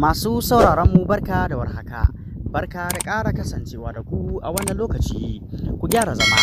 Masu sauraron mu barka da warhaka, barka da ƙara kasancewa da ku a wannan lokaci, ku gyara zama.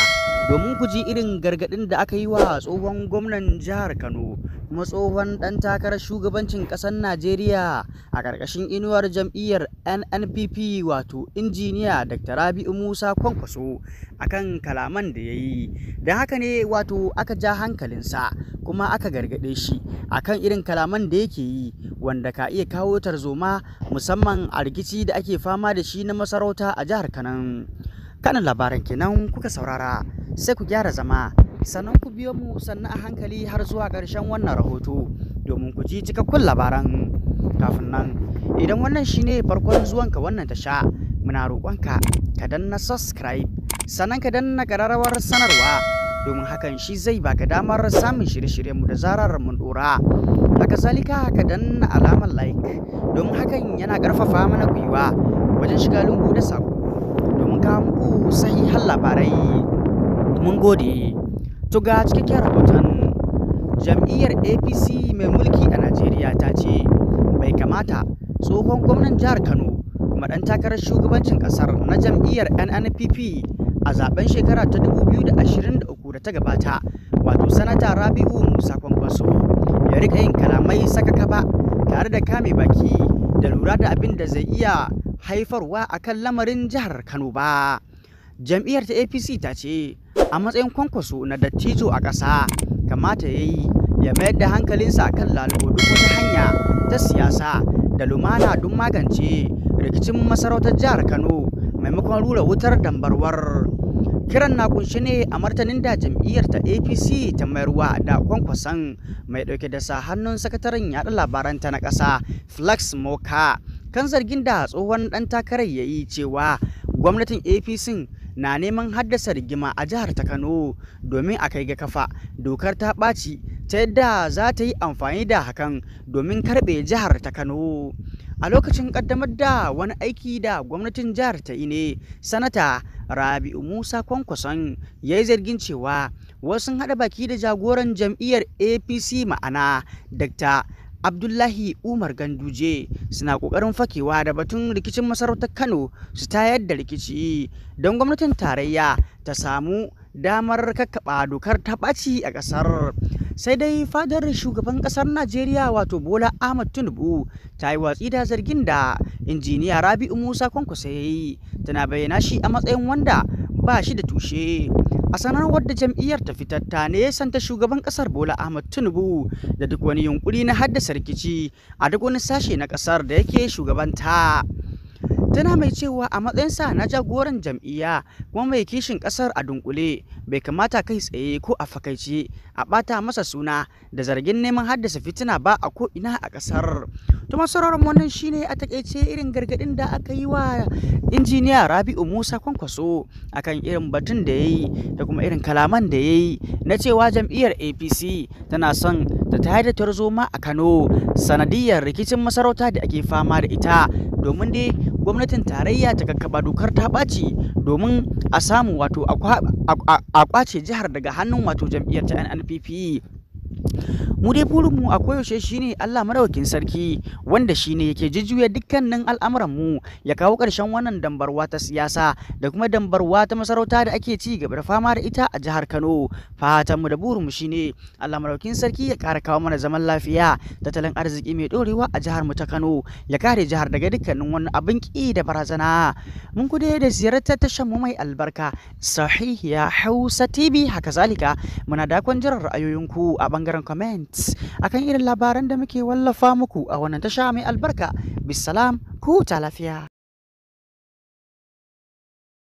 domin ku ji irin gargadin da aka yi wa tsohon gwamnan jihar Kano kuma tsohon ɗan takarar shugabancin ƙasar Najeriya a karkashin inuwar jam'iyyar NNPP wato injiniya Dr. Rabi'u Musa Kwankwaso akan kalaman da ya yi. Da haka ne wato aka ja hankalinsa kuma aka gargade shi akan irin kalaman da yake yi wanda ka iya kawo tarzoma musamman a rikici da ake fama da shi na masarauta a jihar Kano. kanan labaran kenan kuka saurara sai ku gyara zama sannan ku biyo mu sannan a hankali har zuwa ƙarshen wannan rahoto domin ku ji cikakkun labaran kafin nan idan wannan shine farkon zuwanka wannan tasha muna roƙonka ka danna subscribe sannan ka danna ƙararrawar sanarwa domin hakan shi zai baka damar samun shirye-shiryenmu da zarar mun dora haka zalika ka danna alamar like domin hakan yana ƙarfafa mana gwiwa wajen shiga lungu da sako domin kawo muku sahihan labarai mun gode to ga cikakken rahoton jam'iyyar apc mai mulki a najeriya ta ce bai kamata tsohon gwamnan jihar kano madan takarar shugabancin ƙasar na jam'iyyar nnpp a zaben shekara ta 2023 da ta gabata wato sanata rabi'u musa kwankwaso ya rika yin kalamai saka ba", tare da kame baki da lura da abin da zai iya haifarwa akan lamarin jihar kano ba jam'iyyar ta apc ta ce a matsayin kwankwaso na dattijo a ƙasa kamata ya yi ya mayar da hankalinsa kan lalubo duk wata hanya ta siyasa da lumana don magance rikicin masarautar jihar kano maimakon rura wutar dambarwar kiran na kunshi ne a martanin da jam'iyyar ta apc ta mayarwa da kwankwason mai ɗauke da sa hannun sakataren yaɗa labaranta na ƙasa flex moka kan zargin da tsohon ɗan takarar ya yi cewa gwamnatin apc na neman haddasa rigima a jihar ta Kano domin a kai ga kafa dokar ta ɓaci ta yadda za ta yi amfani da hakan domin karɓe jihar ta Kano. A lokacin ƙaddamar da wani aiki da gwamnatin jihar ta Ine, Sanata Rabi'u Musa Kwankwason ya yi zargin cewa wasu haɗa baki da jagoran jam'iyyar APC ma'ana Dr. abdullahi umar ganduje suna ƙoƙarin fakewa da batun rikicin masarautar kano su tayar da rikici don gwamnatin tarayya ta samu damar kakkaɓa dokar ta ɓaci a ƙasar sai dai fadar shugaban ƙasar najeriya wato bola ahmad tinubu ta yi watsi da zargin da injiniya rabi'u musa kwankwaso ya tana bayyana shi a matsayin wanda ba shi da tushe. A sanarwar da jam'iyyar ta fitar ta shugaban kasar Bola Ahmad Tinubu da duk wani yunkuri na haddasa rikici a duk wani sashe na kasar da yake shugabanta. tana mai cewa a matsayinsa na jagoran jam'iyya kuma mai kishin kasar a dunkule bai kamata kai tsaye ko a fakaice a bata masa suna da zargin neman haddasa fitina ba a ko ina a kasar to sauraron wannan shine a takaice irin gargadin da aka yi wa injiniya Rabi'u Musa Kwankwaso akan irin batun da yayi da kuma irin kalaman da yayi na cewa jam'iyyar APC tana son ta tayar da tarzoma a Kano sanadiyar rikicin masarauta da ake fama da ita domin dai gwamnatin tarayya ta kakkaba dokar ta ɓaci domin a samu wato a kwace jihar daga hannun wato jam'iyyar ta NNPP mu dai burinmu a koyaushe shine Allah madaukakin sarki wanda shine yake jujjuya dukkanin al'amuran mu ya kawo ƙarshen wannan dambarwa ta siyasa da kuma dambarwa ta masarauta da ake ci gaba da fama da ita a jihar Kano fatanmu da burinmu shine Allah madaukakin sarki ya ƙara kawo mana zaman lafiya tattalin arziki mai dorewa a jihar mu ta Kano ya kare jihar daga dukkanin wannan abin ki da barazana mun kude da ziyartar tashar mu mai albarka sahihiya Hausa TV haka zalika muna dakon jiran ra'ayoyinku a bangaren bangaren comments akan irin labaran da muke wallafa muku a wannan tasha mai albarka. Bisalam, ku ta lafiya.